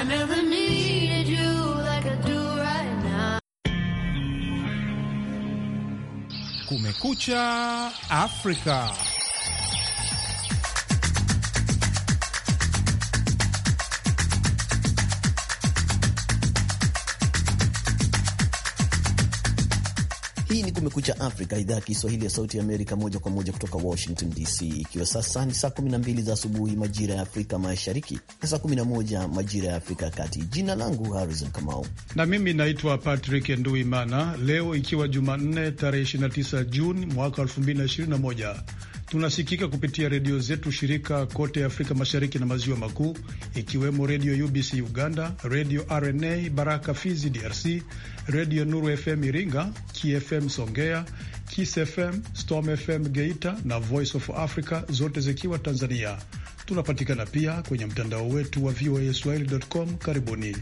I never needed Kumekucha Afrika. Kumekucha Afrika, idhaa ya Kiswahili ya Sauti ya Amerika, moja kwa moja kutoka Washington DC, ikiwa sasa ni saa 12 za asubuhi majira ya Afrika Mashariki na saa 11 majira ya Afrika ya Kati. Jina langu Harrison Kamau na mimi naitwa Patrick Nduimana. Leo ikiwa Jumanne tarehe 29 Juni mwaka 2021 Tunasikika kupitia redio zetu shirika kote Afrika Mashariki na Maziwa Makuu, ikiwemo redio UBC Uganda, redio RNA Baraka Fizi DRC, redio Nuru FM Iringa, KFM Songea, Kiss FM, Storm FM Geita na Voice of Africa, zote zikiwa Tanzania. Tunapatikana pia kwenye mtandao wetu wa VOA Swahili.com. Karibuni.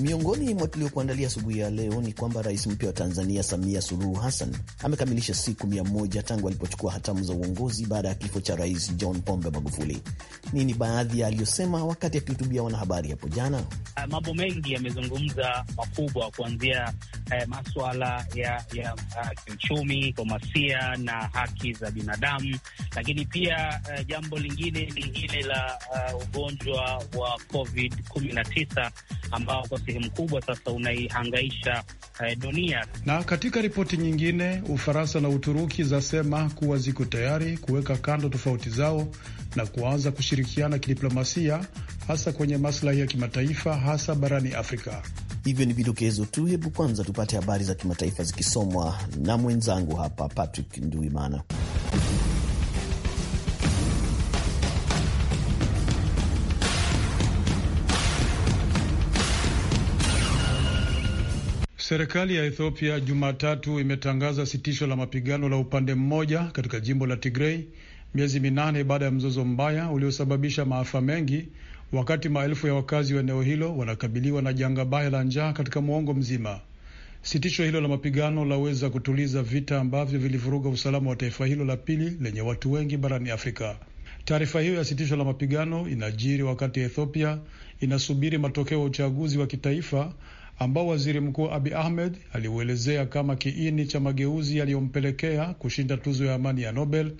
Miongoni mwa tuliokuandalia asubuhi ya leo ni kwamba rais mpya wa Tanzania Samia Suluhu Hassan amekamilisha siku mia moja tangu alipochukua hatamu za uongozi baada ya kifo cha rais John Pombe Magufuli. Nini baadhi ya aliyosema wakati akihutubia wanahabari hapo jana? Ah, mambo mengi yamezungumza makubwa, kuanzia eh, maswala ya ya ah, kiuchumi, diplomasia na haki za binadamu, lakini pia uh, jambo lingine ni hili la uh, ugonjwa wa COVID 19 ambao kwa sehemu kubwa sasa unaihangaisha uh, dunia. Na katika ripoti nyingine, Ufaransa na Uturuki zasema kuwa ziko tayari kuweka kando tofauti zao na kuanza kushirikiana kidiplomasia hasa kwenye maslahi ya kimataifa hasa barani Afrika. Hivyo ni vidokezo tu. Hebu kwanza tupate habari za kimataifa zikisomwa na mwenzangu hapa Patrick Nduimana. Serikali ya Ethiopia Jumatatu imetangaza sitisho la mapigano la upande mmoja katika jimbo la Tigrei miezi minane baada ya mzozo mbaya uliosababisha maafa mengi wakati maelfu ya wakazi wa eneo hilo wanakabiliwa na janga baya la njaa katika mwongo mzima. Sitisho hilo la mapigano laweza kutuliza vita ambavyo vilivuruga usalama wa taifa hilo la pili lenye watu wengi barani Afrika. Taarifa hiyo ya sitisho la mapigano inajiri wakati Ethiopia inasubiri matokeo ya uchaguzi wa kitaifa ambao waziri mkuu Abi Ahmed aliuelezea kama kiini cha mageuzi yaliyompelekea kushinda tuzo ya amani ya Nobel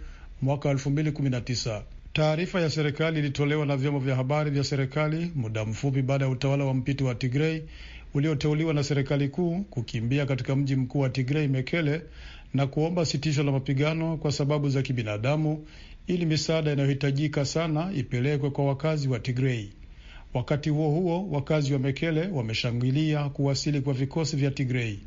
mwaka 2019. Taarifa ya serikali ilitolewa na vyombo vya habari vya serikali muda mfupi baada ya utawala wa mpito wa Tigrei ulioteuliwa na serikali kuu kukimbia katika mji mkuu wa Tigrei, Mekele, na kuomba sitisho la mapigano kwa sababu za kibinadamu ili misaada inayohitajika sana ipelekwe kwa wakazi wa Tigrei. Wakati huo huo, wakazi wa Mekele wameshangilia kuwasili kwa vikosi vya Tigrei.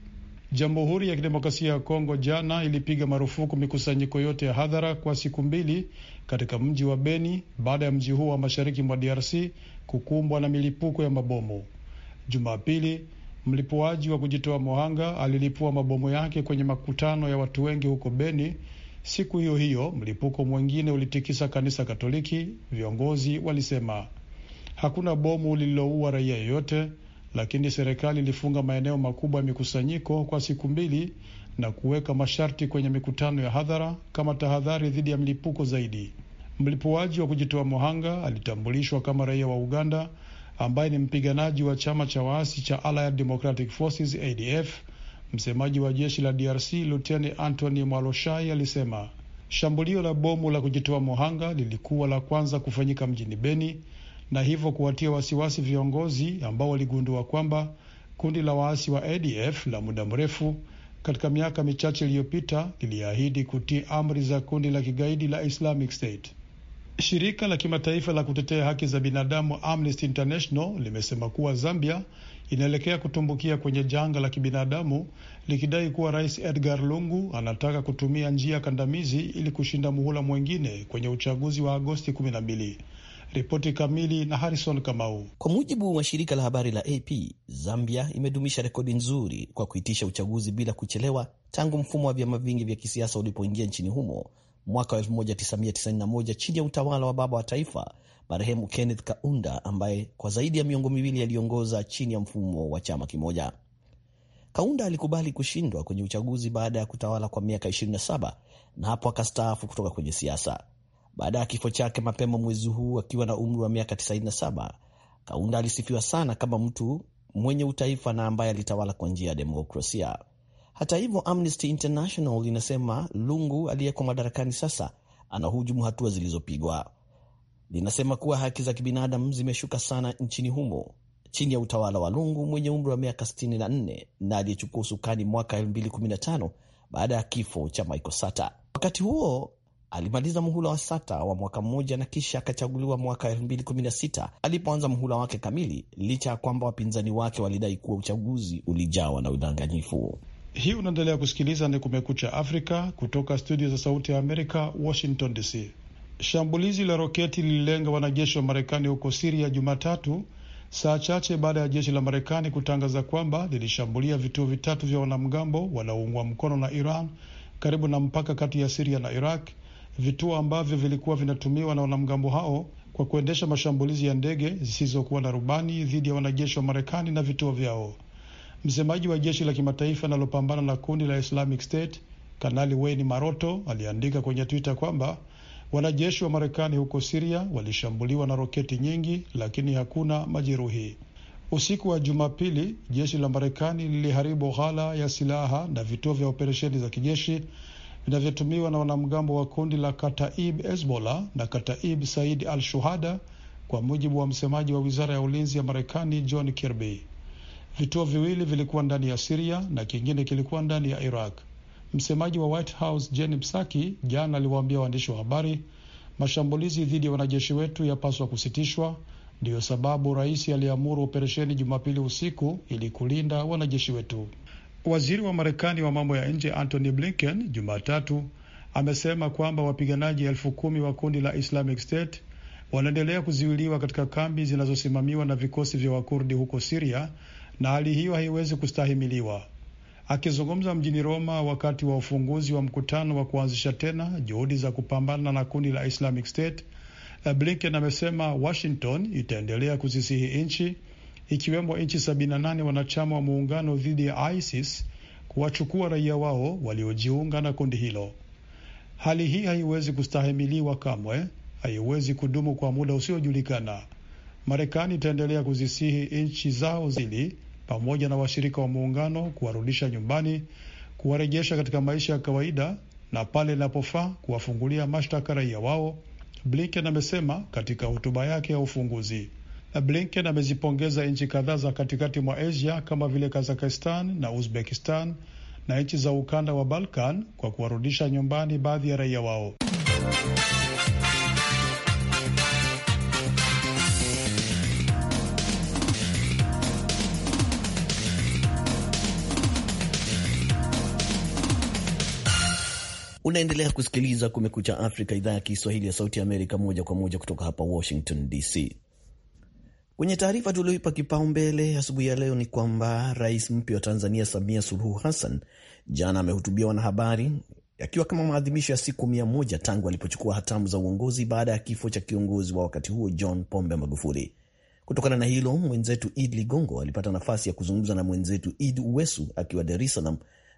Jamhuri ya Kidemokrasia ya Kongo jana ilipiga marufuku mikusanyiko yote ya hadhara kwa siku mbili katika mji wa Beni baada ya mji huo wa mashariki mwa DRC kukumbwa na milipuko ya mabomu. Jumapili, mlipuaji wa kujitoa mohanga alilipua mabomu yake kwenye makutano ya watu wengi huko Beni. Siku hiyo hiyo mlipuko mwingine ulitikisa kanisa Katoliki. Viongozi walisema hakuna bomu lililoua raia yeyote, lakini serikali ilifunga maeneo makubwa ya mikusanyiko kwa siku mbili na kuweka masharti kwenye mikutano ya hadhara kama tahadhari dhidi ya mlipuko zaidi. Mlipuaji wa kujitoa mohanga alitambulishwa kama raia wa Uganda ambaye ni mpiganaji wa chama cha waasi cha Allied Democratic Forces ADF. Msemaji wa jeshi la DRC Luteni Antony Mwaloshai alisema shambulio la bomu la kujitoa mohanga lilikuwa la kwanza kufanyika mjini Beni na hivyo kuwatia wasiwasi viongozi ambao waligundua kwamba kundi la waasi wa ADF la muda mrefu katika miaka michache iliyopita liliahidi kutii amri za kundi la kigaidi la Islamic State. Shirika la kimataifa la kutetea haki za binadamu Amnesty International limesema kuwa Zambia inaelekea kutumbukia kwenye janga la kibinadamu likidai kuwa Rais Edgar Lungu anataka kutumia njia kandamizi ili kushinda muhula mwengine kwenye uchaguzi wa Agosti kumi na mbili. Ripoti kamili na Harrison Kamau. Kwa mujibu wa shirika la habari la AP, Zambia imedumisha rekodi nzuri kwa kuitisha uchaguzi bila kuchelewa tangu mfumo wa vyama vingi vya kisiasa ulipoingia nchini humo mwaka 1991 chini ya utawala wa baba wa taifa marehemu Kenneth Kaunda ambaye kwa zaidi ya miongo miwili aliongoza chini ya mfumo wa chama kimoja. Kaunda alikubali kushindwa kwenye uchaguzi baada ya kutawala kwa miaka 27 na hapo akastaafu kutoka kwenye siasa baada ya kifo chake mapema mwezi huu akiwa na umri wa miaka 97. Kaunda alisifiwa sana kama mtu mwenye utaifa na ambaye alitawala kwa njia ya demokrasia. Hata hivyo, Amnesty International inasema Lungu aliyeko madarakani sasa anahujumu hatua zilizopigwa. Linasema kuwa haki za kibinadamu zimeshuka sana nchini humo chini ya utawala wa Lungu mwenye umri wa miaka 64 na aliyechukua usukani mwaka 2015 baada ya kifo cha Michael Sata. Wakati huo Alimaliza muhula wa sata wa mwaka mmoja na kisha akachaguliwa mwaka 2016 alipoanza muhula wake kamili, licha ya kwamba wapinzani wake walidai kuwa uchaguzi ulijawa na udanganyifu. Hii unaendelea kusikiliza ni Kumekucha Afrika kutoka studio za Sauti ya Amerika, Washington DC. Shambulizi la roketi lililenga wanajeshi wa Marekani huko Siria Jumatatu, saa chache baada ya jeshi la Marekani kutangaza kwamba lilishambulia vituo vitatu vya wanamgambo wanaoungwa mkono na Iran karibu na mpaka kati ya Siria na Iraq, vituo ambavyo vilikuwa vinatumiwa na wanamgambo hao kwa kuendesha mashambulizi ya ndege zisizokuwa na rubani dhidi ya wanajeshi wa Marekani na vituo vyao. Msemaji wa jeshi la kimataifa linalopambana na kundi la Islamic State Kanali Wayne Maroto aliandika kwenye Twitter kwamba wanajeshi wa Marekani huko Siria walishambuliwa na roketi nyingi, lakini hakuna majeruhi. Usiku wa Jumapili, jeshi la Marekani liliharibu ghala ya silaha na vituo vya operesheni za kijeshi vinavyotumiwa na wanamgambo wa kundi la Kataib Hezbollah na Kataib Said al Shuhada, kwa mujibu wa msemaji wa wizara ya ulinzi ya Marekani John Kirby. Vituo viwili vilikuwa ndani ya Siria na kingine kilikuwa ndani ya Iraq. Msemaji wa White House Jen Psaki jana aliwaambia waandishi wa habari, mashambulizi dhidi ya wanajeshi wetu yapaswa kusitishwa. Ndiyo sababu rais aliamuru operesheni Jumapili usiku ili kulinda wanajeshi wetu. Waziri wa Marekani wa mambo ya nje Antony Blinken Jumatatu amesema kwamba wapiganaji elfu kumi wa kundi la Islamic State wanaendelea kuzuiliwa katika kambi zinazosimamiwa na vikosi vya Wakurdi huko Siria na hali hiyo haiwezi kustahimiliwa. Akizungumza mjini Roma wakati wa ufunguzi wa mkutano wa kuanzisha tena juhudi za kupambana na kundi la Islamic State, Blinken amesema Washington itaendelea kuzisihi nchi ikiwemo nchi 78 wanachama wa muungano dhidi ya ISIS kuwachukua raia wao waliojiunga na kundi hilo. Hali hii haiwezi kustahimiliwa kamwe, haiwezi kudumu kwa muda usiojulikana. Marekani itaendelea kuzisihi nchi zao zili pamoja na washirika wa muungano kuwarudisha nyumbani, kuwarejesha katika maisha ya kawaida na pale inapofaa kuwafungulia mashtaka raia wao, Blinken amesema katika hotuba yake ya ufunguzi. Blinken amezipongeza nchi kadhaa za katikati mwa Asia kama vile Kazakistan na Uzbekistan na nchi za ukanda wa Balkan kwa kuwarudisha nyumbani baadhi ya raia wao. Unaendelea kusikiliza Kumekucha Afrika, idhaa ya Kiswahili ya Sauti ya Amerika, moja kwa moja kutoka hapa Washington DC. Kwenye taarifa tulioipa kipaumbele asubuhi ya leo ni kwamba rais mpya wa Tanzania Samia Suluhu Hassan jana amehutubia wanahabari akiwa kama maadhimisho ya siku mia moja tangu alipochukua hatamu za uongozi baada ya kifo cha kiongozi wa wakati huo John Pombe Magufuli. Kutokana na hilo, mwenzetu Id Ligongo alipata nafasi ya kuzungumza na mwenzetu Id Uwesu akiwa Dar es Salaam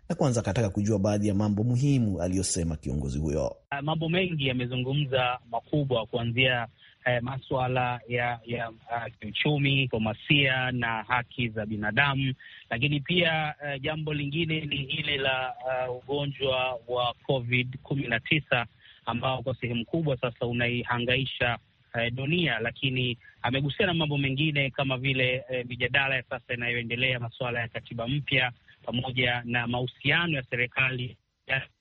na kwanza akataka kujua baadhi ya mambo muhimu aliyosema kiongozi huyo. Mambo mengi yamezungumza makubwa, kuanzia eh, maswala ya ya uh, kiuchumi, diplomasia na haki za binadamu, lakini pia uh, jambo lingine ni hili la uh, ugonjwa wa COVID kumi na tisa ambao kwa sehemu kubwa sasa unaihangaisha uh, dunia, lakini amegusia na mambo mengine kama vile uh, mijadala ya sasa inayoendelea, masuala ya katiba mpya pamoja na mahusiano ya serikali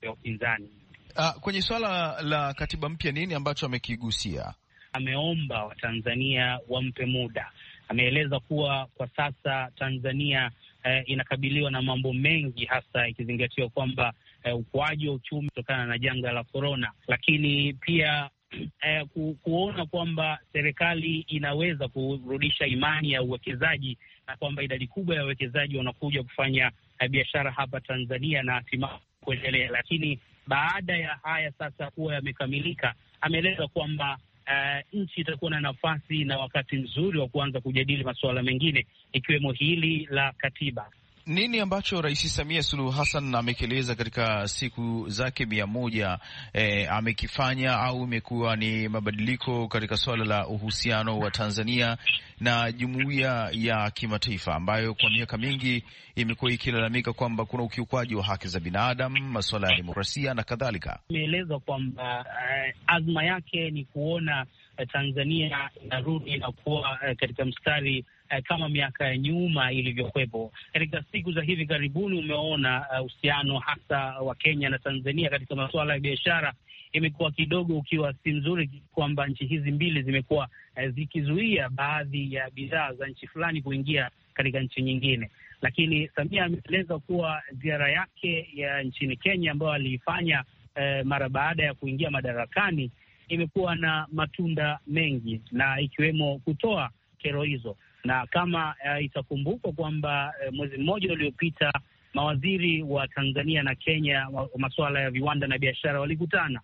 ya upinzani. Uh, kwenye suala la katiba mpya, nini ambacho amekigusia? ameomba Watanzania wampe muda. Ameeleza kuwa kwa sasa Tanzania eh, inakabiliwa na mambo mengi, hasa ikizingatiwa kwamba eh, ukuaji wa uchumi kutokana na janga la korona, lakini pia eh, ku, kuona kwamba serikali inaweza kurudisha imani ya uwekezaji na kwamba idadi kubwa ya wawekezaji wanakuja kufanya eh, biashara hapa Tanzania na hatimaye kuendelea. Lakini baada ya haya sasa kuwa yamekamilika, ameeleza kwamba uh, nchi itakuwa na nafasi na wakati mzuri wa kuanza kujadili masuala mengine ikiwemo hili la katiba. Nini ambacho Rais Samia Suluhu Hassan amekieleza katika siku zake mia moja eh, amekifanya au imekuwa ni mabadiliko katika suala la uhusiano wa Tanzania na jumuiya ya kimataifa ambayo kwa miaka mingi imekuwa ikilalamika kwamba kuna ukiukwaji wa haki za binadamu, masuala ya demokrasia na kadhalika. Imeelezwa kwamba uh, azma yake ni kuona uh, Tanzania inarudi kuwa uh, katika mstari kama miaka ya nyuma ilivyokuwepo. Katika siku za hivi karibuni umeona uhusiano hasa wa Kenya na Tanzania katika masuala ya biashara imekuwa kidogo ukiwa si mzuri, kwamba nchi hizi mbili zimekuwa eh, zikizuia baadhi ya bidhaa za nchi fulani kuingia katika nchi nyingine. Lakini Samia ameeleza kuwa ziara yake ya nchini Kenya ambayo aliifanya eh, mara baada ya kuingia madarakani imekuwa na matunda mengi na ikiwemo kutoa kero hizo, na kama eh, itakumbukwa kwamba eh, mwezi mmoja uliopita mawaziri wa Tanzania na Kenya wa masuala ya viwanda na biashara walikutana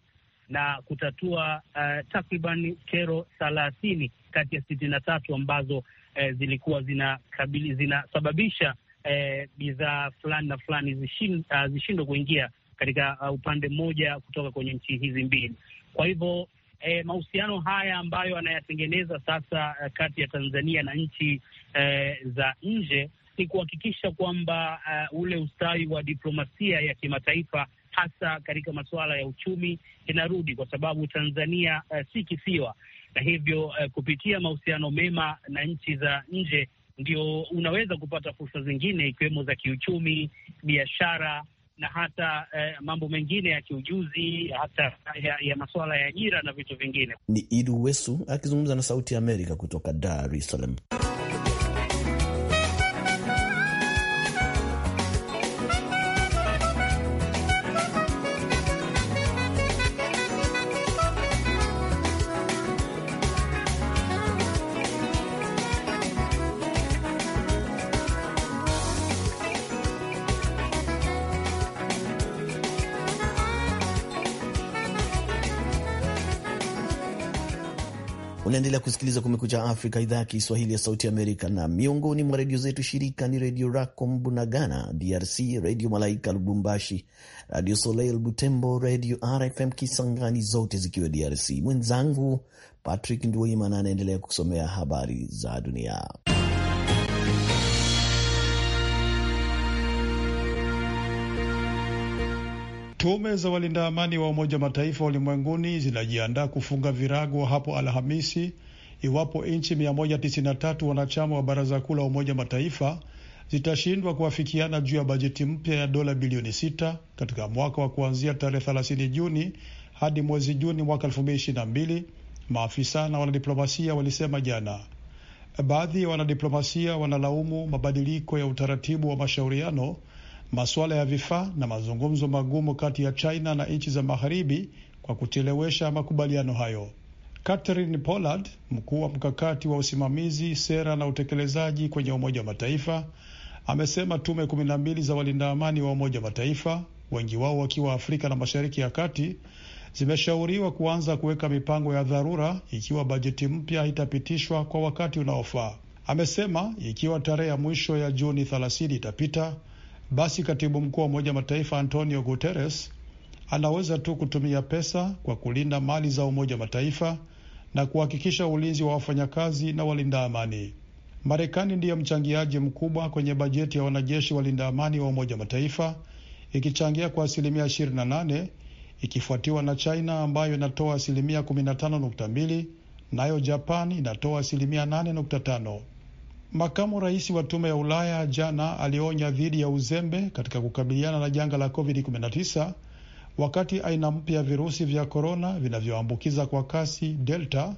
na kutatua uh, takriban kero thelathini kati ya sitini na tatu ambazo uh, zilikuwa zinakabili zinasababisha uh, bidhaa fulani na fulani zishindwe uh, kuingia katika uh, upande mmoja kutoka kwenye nchi hizi mbili. Kwa hivyo E, mahusiano haya ambayo anayatengeneza sasa kati ya Tanzania na nchi e, za nje ni kuhakikisha kwamba uh, ule ustawi wa diplomasia ya kimataifa hasa katika masuala ya uchumi inarudi kwa sababu Tanzania uh, si kisiwa, na hivyo uh, kupitia mahusiano mema na nchi za nje ndio unaweza kupata fursa zingine ikiwemo za kiuchumi, biashara na hata eh, mambo mengine ya kiujuzi hata ya, ya masuala ya ajira na vitu vingine. Ni Idu Wesu akizungumza na Sauti ya Amerika kutoka Dar es Salaam. Unaendelea kusikiliza Kumekucha Afrika, idhaa ya Kiswahili ya Sauti Amerika, na miongoni mwa redio zetu shirika ni Redio Racom Bunagana DRC, Redio Malaika Lubumbashi, Radio Soleil Butembo, Redio RFM Kisangani, zote zikiwa DRC. Mwenzangu Patrick nduimana anaendelea kusomea habari za dunia. Tume za walinda amani wa Umoja Mataifa ulimwenguni zinajiandaa kufunga virago hapo Alhamisi iwapo nchi 193 wanachama wa Baraza Kuu la Umoja Mataifa zitashindwa kuafikiana juu ya bajeti mpya ya dola bilioni sita katika mwaka wa kuanzia tarehe 30 Juni hadi mwezi Juni mwaka 2022, maafisa na wanadiplomasia walisema jana. Baadhi ya wanadiplomasia wanalaumu mabadiliko ya utaratibu wa mashauriano masuala ya vifaa na mazungumzo magumu kati ya China na nchi za magharibi kwa kuchelewesha makubaliano hayo. Catherine Pollard, mkuu wa mkakati wa usimamizi, sera na utekelezaji kwenye Umoja wa Mataifa, amesema tume kumi na mbili za walinda amani wa Umoja wa Mataifa, wengi wao wakiwa Afrika na Mashariki ya Kati, zimeshauriwa kuanza kuweka mipango ya dharura ikiwa bajeti mpya itapitishwa kwa wakati unaofaa. Amesema ikiwa tarehe ya mwisho ya Juni 30 itapita basi katibu mkuu wa Umoja Mataifa Antonio Guterres anaweza tu kutumia pesa kwa kulinda mali za Umoja Mataifa na kuhakikisha ulinzi wa wafanyakazi na walinda amani. Marekani ndiyo mchangiaji mkubwa kwenye bajeti ya wanajeshi walinda amani wa Umoja Mataifa ikichangia kwa asilimia 28 ikifuatiwa na China ambayo inatoa asilimia 15.2 nayo Japan inatoa asilimia 8.5. Makamu rais wa tume ya Ulaya jana alionya dhidi ya uzembe katika kukabiliana na janga la COVID-19 wakati aina mpya ya virusi vya korona vinavyoambukiza kwa kasi Delta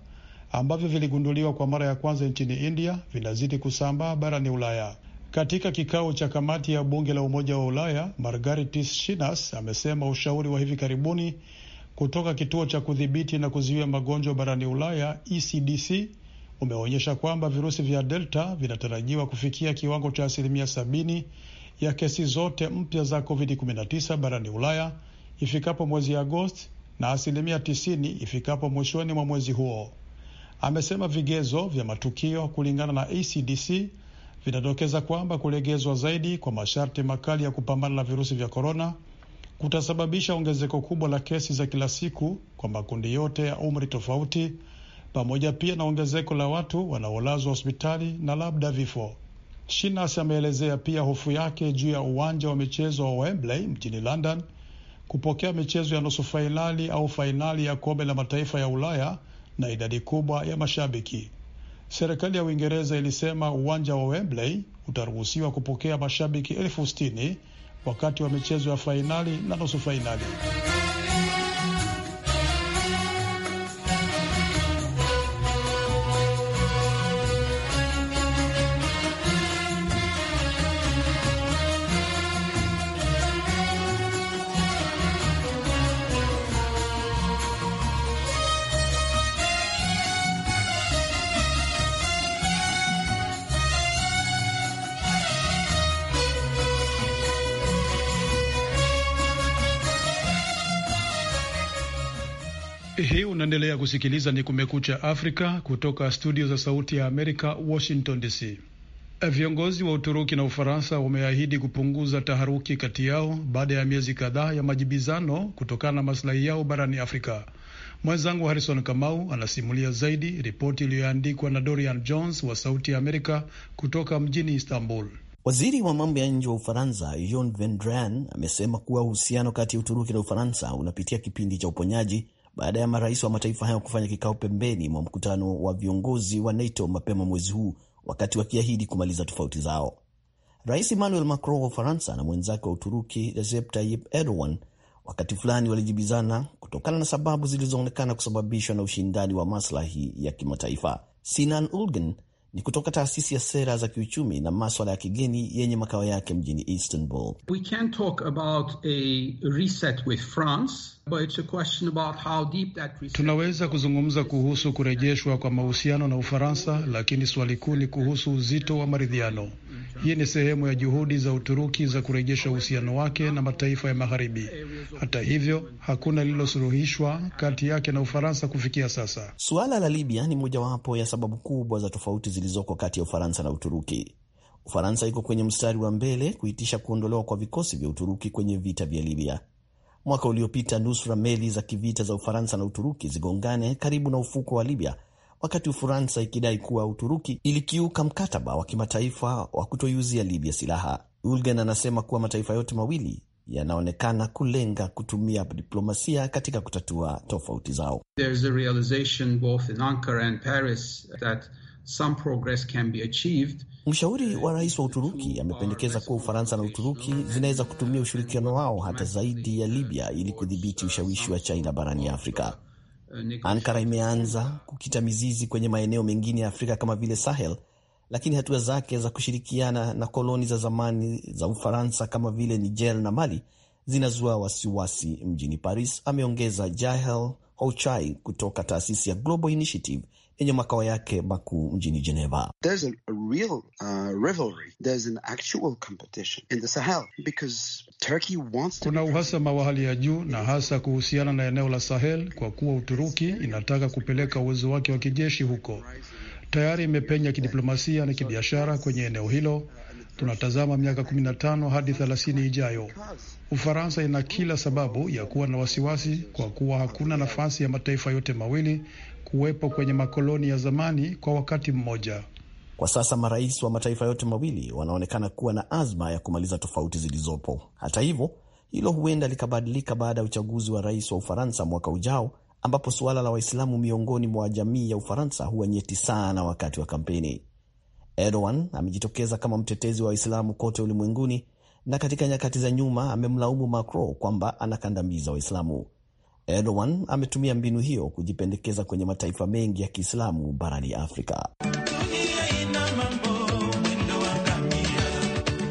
ambavyo viligunduliwa kwa mara ya kwanza nchini India vinazidi kusambaa barani Ulaya. Katika kikao cha kamati ya bunge la Umoja wa Ulaya, Margaritis Shinas amesema ushauri wa hivi karibuni kutoka kituo cha kudhibiti na kuzuia magonjwa barani Ulaya ECDC umeonyesha kwamba virusi vya Delta vinatarajiwa kufikia kiwango cha asilimia sabini ya kesi zote mpya za COVID-19 barani Ulaya ifikapo mwezi Agosti na asilimia tisini ifikapo mwishoni mwa mwezi huo. Amesema vigezo vya matukio kulingana na ACDC vinadokeza kwamba kulegezwa zaidi kwa masharti makali ya kupambana na virusi vya korona kutasababisha ongezeko kubwa la kesi za kila siku kwa makundi yote ya umri tofauti pamoja pia na ongezeko la watu wanaolazwa hospitali na labda vifo. Shinas ameelezea pia hofu yake juu ya uwanja wa michezo wa Wembley mjini London kupokea michezo ya nusu fainali au fainali ya kombe la mataifa ya Ulaya na idadi kubwa ya mashabiki. Serikali ya Uingereza ilisema uwanja wa Wembley utaruhusiwa kupokea mashabiki elfu sitini wakati wa michezo ya fainali na nusu fainali. Hii unaendelea kusikiliza ni Kumekucha Afrika kutoka studio za Sauti ya Amerika, Washington DC. Viongozi wa Uturuki na Ufaransa wameahidi kupunguza taharuki kati yao baada ya miezi kadhaa ya majibizano kutokana na maslahi yao barani Afrika. Mwenzangu Harrison Kamau anasimulia zaidi ripoti iliyoandikwa na Dorian Jones wa Sauti ya Amerika kutoka mjini Istanbul. Waziri wa mambo ya nje wa Ufaransa Jean Vendran amesema kuwa uhusiano kati ya Uturuki na Ufaransa unapitia kipindi cha uponyaji baada ya marais wa mataifa hayo kufanya kikao pembeni mwa mkutano wa viongozi wa NATO mapema mwezi huu, wakati wakiahidi kumaliza tofauti zao. Rais Emmanuel Macron wa Ufaransa na mwenzake wa Uturuki Recep Tayyip Erdogan wakati fulani walijibizana kutokana na sababu zilizoonekana kusababishwa na ushindani wa maslahi ya kimataifa. Sinan Ulgen ni kutoka taasisi ya sera za kiuchumi na maswala ya kigeni yenye makao yake mjini Istanbul. We can talk about a reset with France. Tunaweza kuzungumza kuhusu kurejeshwa kwa mahusiano na Ufaransa, lakini swali kuu ni kuhusu uzito wa maridhiano. Hii ni sehemu ya juhudi za Uturuki za kurejesha uhusiano wake na mataifa ya Magharibi. Hata hivyo, hakuna lililosuluhishwa kati yake na Ufaransa kufikia sasa. Suala la Libya ni mojawapo ya sababu kubwa za tofauti zilizoko kati ya Ufaransa na Uturuki. Ufaransa iko kwenye mstari wa mbele kuitisha kuondolewa kwa vikosi vya Uturuki kwenye vita vya Libya. Mwaka uliopita nusra meli za kivita za Ufaransa na Uturuki zigongane karibu na ufuko wa Libya, wakati Ufaransa ikidai kuwa Uturuki ilikiuka mkataba wa kimataifa wa kutoiuzia Libya silaha. Ulgen anasema kuwa mataifa yote mawili yanaonekana kulenga kutumia diplomasia katika kutatua tofauti zao. There is a realization both in Ankara and Paris that some progress can be achieved. Mshauri wa rais wa Uturuki amependekeza kuwa Ufaransa na Uturuki zinaweza kutumia ushirikiano wao hata zaidi ya Libya ili kudhibiti ushawishi wa China barani Afrika. Ankara imeanza kukita mizizi kwenye maeneo mengine ya Afrika kama vile Sahel, lakini hatua zake za kushirikiana na koloni za zamani za Ufaransa kama vile Niger na Mali zinazua wasiwasi mjini Paris, ameongeza Jahel hochai kutoka taasisi ya Global Initiative yenye makao yake makuu mjini Geneva. Kuna uhasama wa hali ya juu na hasa kuhusiana na eneo la Sahel kwa kuwa Uturuki inataka kupeleka uwezo wake wa kijeshi huko. Tayari imepenya kidiplomasia na kibiashara kwenye eneo hilo. Tunatazama miaka 15 hadi 30 ijayo. Ufaransa ina kila sababu ya kuwa na wasiwasi kwa kuwa hakuna nafasi ya mataifa yote mawili kuwepo kwenye makoloni ya zamani kwa wakati mmoja. Kwa sasa marais wa mataifa yote mawili wanaonekana kuwa na azma ya kumaliza tofauti zilizopo. Hata hivyo, hilo huenda likabadilika baada ya uchaguzi wa rais wa Ufaransa mwaka ujao, ambapo suala la Waislamu miongoni mwa jamii ya Ufaransa huwa nyeti sana wakati wa kampeni. Erdogan amejitokeza kama mtetezi wa Waislamu kote ulimwenguni na katika nyakati za nyuma amemlaumu Macron kwamba anakandamiza Waislamu. Erdogan ametumia mbinu hiyo kujipendekeza kwenye mataifa mengi ya Kiislamu barani Afrika.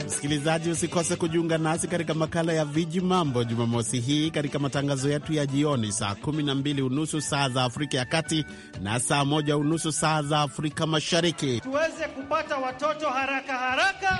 Msikilizaji, usikose kujiunga nasi katika makala ya Viji Mambo Jumamosi hii katika matangazo yetu ya jioni saa kumi na mbili unusu saa za Afrika ya Kati na saa moja unusu saa za Afrika Mashariki, tuweze kupata watoto haraka haraka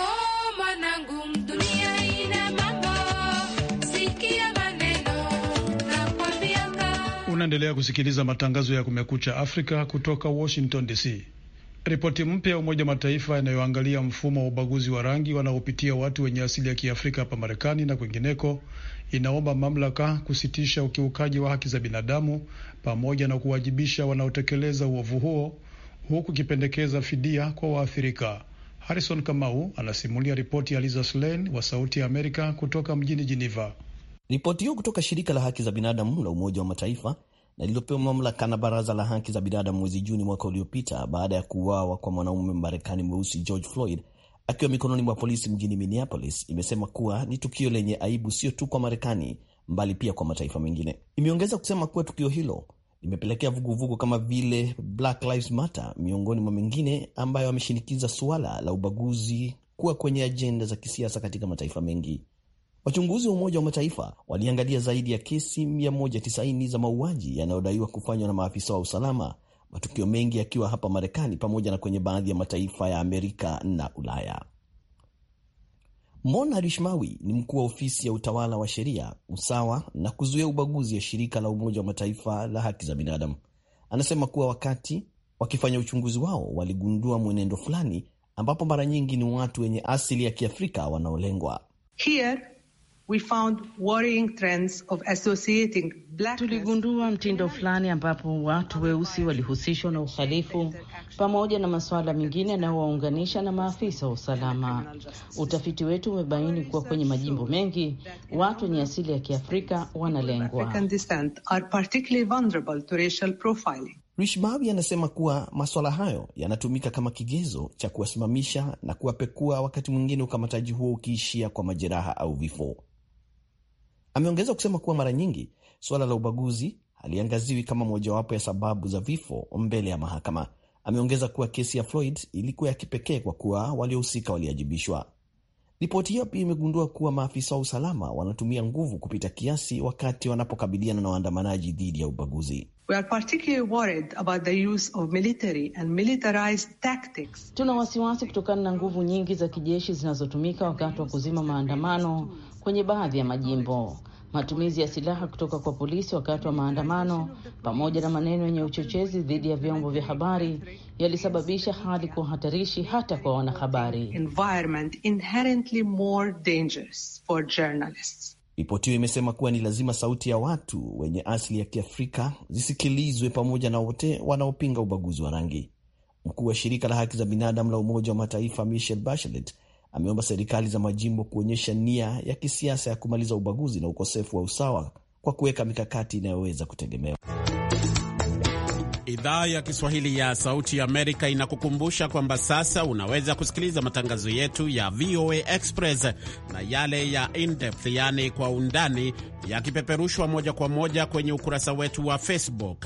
Unaendelea kusikiliza matangazo ya Kumekucha Afrika kutoka Washington DC. Ripoti mpya ya Umoja Mataifa inayoangalia mfumo wa ubaguzi wa rangi wanaopitia watu wenye asili ya kiafrika hapa Marekani na kwingineko inaomba mamlaka kusitisha ukiukaji wa haki za binadamu pamoja na kuwajibisha wanaotekeleza uovu huo, huku ikipendekeza fidia kwa waathirika. Harrison Kamau anasimulia ripoti ya Liza Schlein wa Sauti ya Amerika kutoka mjini Geneva. Ripoti hiyo kutoka shirika la haki za binadamu la Umoja wa Mataifa na lililopewa mamlaka na Baraza la Haki za Binadamu mwezi Juni mwaka uliopita baada ya kuuawa kwa mwanaume Marekani mweusi George Floyd akiwa mikononi mwa polisi mjini Minneapolis, imesema kuwa ni tukio lenye aibu sio tu kwa Marekani mbali pia kwa mataifa mengine. Imeongeza kusema kuwa tukio hilo limepelekea vuguvugu kama vile Black Lives Matter miongoni mwa mengine ambayo ameshinikiza suala la ubaguzi kuwa kwenye ajenda za kisiasa katika mataifa mengi. Wachunguzi wa Umoja wa Mataifa waliangalia zaidi ya kesi 190 za mauaji yanayodaiwa kufanywa na maafisa wa usalama, matukio mengi yakiwa hapa Marekani pamoja na kwenye baadhi ya mataifa ya Amerika na Ulaya. Mona Rishmawi ni mkuu wa ofisi ya utawala wa sheria, usawa na kuzuia ubaguzi ya shirika la Umoja wa Mataifa la haki za binadamu. Anasema kuwa wakati wakifanya uchunguzi wao waligundua mwenendo fulani ambapo mara nyingi ni watu wenye asili ya Kiafrika wanaolengwa. Here We found worrying trends of associating Tuligundua mtindo fulani ambapo watu weusi walihusishwa na uhalifu pamoja na masuala mengine yanayowaunganisha na maafisa wa usalama. Utafiti wetu umebaini kuwa kwenye majimbo mengi watu wenye asili ya Kiafrika wanalengwa. Rishbabi anasema kuwa maswala hayo yanatumika kama kigezo cha kuwasimamisha na kuwapekua, wakati mwingine ukamataji huo ukiishia kwa majeraha au vifo. Ameongeza kusema kuwa mara nyingi suala la ubaguzi haliangaziwi kama mojawapo ya sababu za vifo mbele ya mahakama. Ameongeza kuwa kesi ya Floyd ilikuwa ya kipekee kwa kuwa waliohusika waliajibishwa. Ripoti hiyo pia imegundua kuwa maafisa wa usalama wanatumia nguvu kupita kiasi wakati wanapokabiliana na waandamanaji dhidi ya ubaguzi. We are particularly worried about the use of military and militarized tactics. Tuna wasiwasi kutokana na nguvu nyingi za kijeshi zinazotumika wakati wa kuzima maandamano kwenye baadhi ya majimbo. Matumizi ya silaha kutoka kwa polisi wakati wa maandamano pamoja na maneno yenye uchochezi dhidi ya vyombo vya habari yalisababisha hali kuwa hatarishi hata kwa wanahabari. Ripoti hiyo imesema kuwa ni lazima sauti ya watu wenye asili ya Kiafrika zisikilizwe pamoja na wote wanaopinga ubaguzi wa rangi. Mkuu wa shirika la haki za binadamu la Umoja wa Mataifa Michelle Bachelet ameomba serikali za majimbo kuonyesha nia ya kisiasa ya kumaliza ubaguzi na ukosefu wa usawa kwa kuweka mikakati inayoweza kutegemewa. Idhaa ya Kiswahili ya Sauti ya Amerika inakukumbusha kwamba sasa unaweza kusikiliza matangazo yetu ya VOA Express na yale ya in-depth, yaani kwa undani, yakipeperushwa moja kwa moja kwenye ukurasa wetu wa Facebook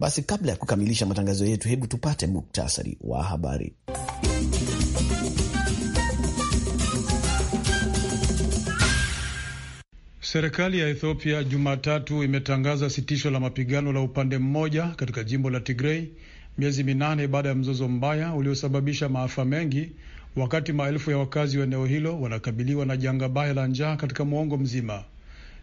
Basi kabla ya kukamilisha matangazo yetu, hebu tupate muktasari wa habari. Serikali ya Ethiopia Jumatatu imetangaza sitisho la mapigano la upande mmoja katika jimbo la Tigrei miezi minane baada ya mzozo mbaya uliosababisha maafa mengi, wakati maelfu ya wakazi wa eneo hilo wanakabiliwa na janga baya la njaa katika muongo mzima.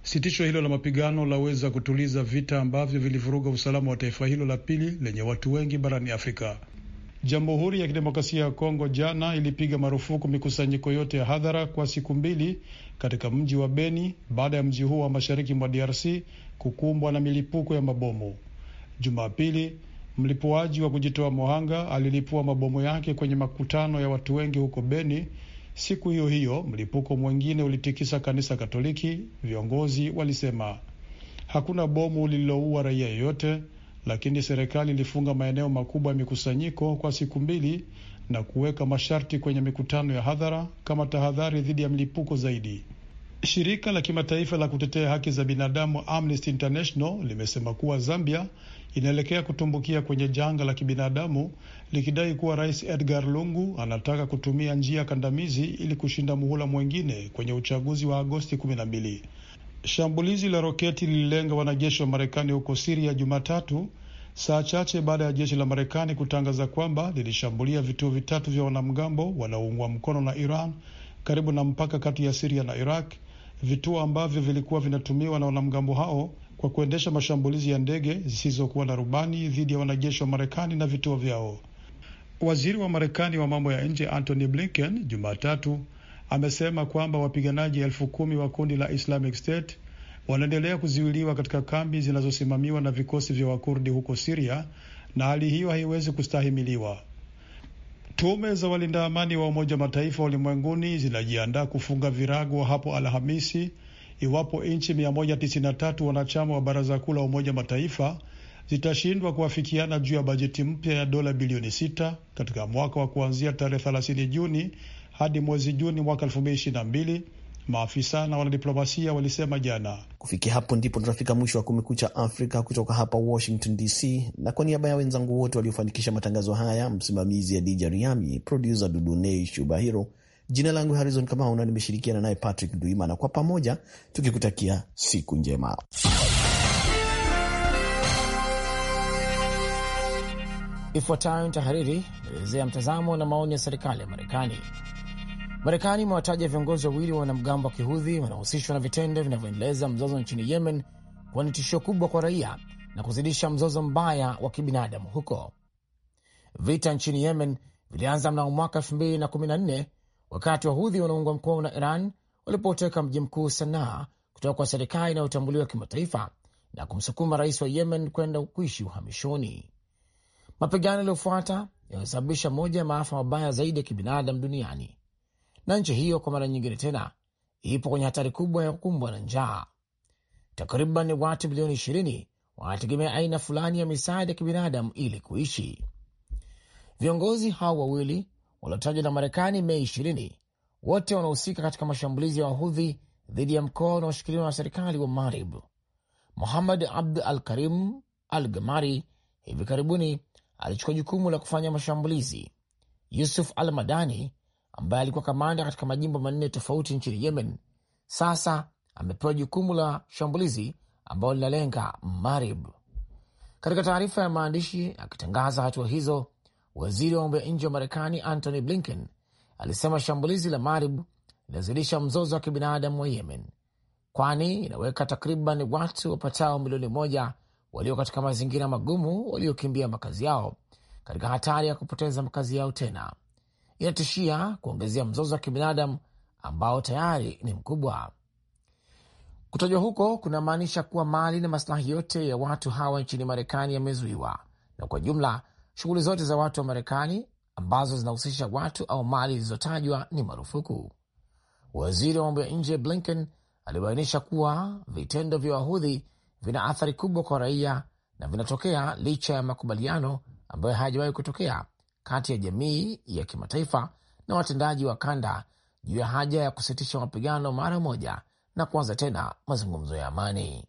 Sitisho hilo la mapigano laweza kutuliza vita ambavyo vilivuruga usalama wa taifa hilo la pili lenye watu wengi barani Afrika. Jamhuri ya Kidemokrasia ya Kongo jana ilipiga marufuku mikusanyiko yote ya hadhara kwa siku mbili katika mji wa Beni baada ya mji huo wa mashariki mwa DRC kukumbwa na milipuko ya mabomu. Jumapili, mlipuaji wa kujitoa mohanga alilipua mabomu yake kwenye makutano ya watu wengi huko Beni Siku hiyo hiyo mlipuko mwingine ulitikisa kanisa Katoliki. Viongozi walisema hakuna bomu lililoua raia yeyote, lakini serikali ilifunga maeneo makubwa ya mikusanyiko kwa siku mbili na kuweka masharti kwenye mikutano ya hadhara kama tahadhari dhidi ya mlipuko zaidi. Shirika la kimataifa la kutetea haki za binadamu Amnesty International limesema kuwa Zambia inaelekea kutumbukia kwenye janga la kibinadamu likidai kuwa Rais Edgar Lungu anataka kutumia njia kandamizi ili kushinda muhula mwengine kwenye uchaguzi wa Agosti 12. Shambulizi la roketi lililenga wanajeshi wa Marekani huko Siria Jumatatu, saa chache baada ya jeshi la Marekani kutangaza kwamba lilishambulia vituo vitatu vya wanamgambo wanaoungwa mkono na Iran karibu na mpaka kati ya Siria na Iraq vituo ambavyo vilikuwa vinatumiwa na wanamgambo hao kwa kuendesha mashambulizi ya ndege zisizokuwa na rubani dhidi ya wanajeshi wa Marekani na vituo vyao. Waziri wa Marekani wa mambo ya nje Antony Blinken Jumatatu amesema kwamba wapiganaji elfu kumi wa kundi la Islamic State wanaendelea kuziwiliwa katika kambi zinazosimamiwa na vikosi vya Wakurdi huko Siria na hali hiyo haiwezi kustahimiliwa. Tume za walinda amani wa Umoja Mataifa ulimwenguni zinajiandaa kufunga virago hapo Alhamisi iwapo nchi 193 wanachama wa Baraza Kuu la Umoja Mataifa zitashindwa kuafikiana juu ya bajeti mpya ya dola bilioni 6 katika mwaka wa kuanzia tarehe 30 Juni hadi mwezi Juni mwaka maafisa na wanadiplomasia walisema jana. Kufikia hapo ndipo tunafika mwisho wa Kumekucha Afrika kutoka hapa Washington DC, na kwa niaba ya wenzangu wote waliofanikisha matangazo haya, msimamizi ya dija Riami, produsa Dudunei Shubahiro, jina langu Harrison Kamau na nimeshirikiana naye Patrick Duimana, kwa pamoja tukikutakia siku njema. Ifuatayo ni tahariri inaelezea mtazamo na maoni ya serikali ya Marekani. Marekani imewataja viongozi wawili wa wanamgambo wa kihudhi wanaohusishwa na vitendo vinavyoendeleza mzozo nchini Yemen kuwa ni tishio kubwa kwa raia na kuzidisha mzozo mbaya wa kibinadamu huko. Vita nchini Yemen vilianza mnamo mwaka 2014 wakati wahudhi wanaungwa mkono na Iran walipoteka mji mkuu Sanaa kutoka kwa serikali inayotambuliwa kimataifa na kumsukuma rais wa Yemen kwenda kuishi uhamishoni. Mapigano yaliyofuata yamesababisha moja ya maafa mabaya zaidi ya kibinadamu duniani na nchi hiyo kwa mara nyingine tena ipo kwenye hatari kubwa ya kukumbwa na njaa. Takriban watu milioni ishirini wanategemea aina fulani ya misaada ya kibinadamu ili kuishi. Viongozi hao wawili waliotajwa na Marekani Mei ishirini wote wanahusika katika mashambulizi ya Wahudhi dhidi ya mkoa unaoshikiliwa na serikali wa Marib. Muhamad Abd Al Karim Al Gamari hivi karibuni alichukua jukumu la kufanya mashambulizi. Yusuf Al Madani ambaye alikuwa kamanda katika majimbo manne tofauti nchini Yemen, sasa amepewa jukumu la shambulizi ambalo linalenga Marib. Katika taarifa ya maandishi akitangaza hatua hizo, waziri wa mambo ya nje wa Marekani Antony Blinken alisema shambulizi la Marib linazidisha mzozo wa kibinadamu wa Yemen, kwani inaweka takriban watu wapatao milioni moja walio katika mazingira magumu waliokimbia makazi yao katika hatari ya kupoteza makazi yao tena inatishia kuongezea mzozo wa kibinadamu ambao tayari ni mkubwa. Kutajwa huko kunamaanisha kuwa mali na masilahi yote ya watu hawa nchini Marekani yamezuiwa, na kwa jumla shughuli zote za watu wa Marekani ambazo zinahusisha watu au mali zilizotajwa ni marufuku. Waziri wa mambo ya nje Blinken alibainisha kuwa vitendo vya Wahudhi vina athari kubwa kwa raia na vinatokea licha ya makubaliano ambayo hayajawahi kutokea kati ya jamii ya kimataifa na watendaji wa kanda juu ya haja ya kusitisha mapigano mara moja na kuanza tena mazungumzo ya amani.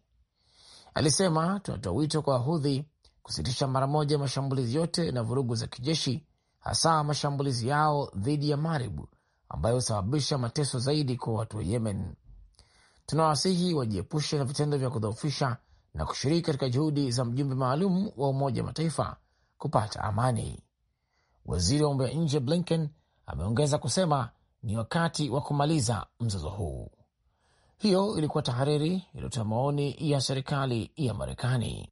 Alisema, tunatoa wito kwa Wahudhi kusitisha mara moja mashambulizi yote na vurugu za kijeshi, hasa mashambulizi yao dhidi ya Marib ambayo husababisha mateso zaidi kwa watu wa Yemen. Tunawasihi wajiepushe na vitendo vya kudhoofisha na kushiriki katika juhudi za mjumbe maalum wa Umoja wa Mataifa kupata amani. Waziri wa mambo ya nje Blinken ameongeza kusema ni wakati wa kumaliza mzozo huu. Hiyo ilikuwa tahariri iliyotoa maoni ya serikali ya Marekani.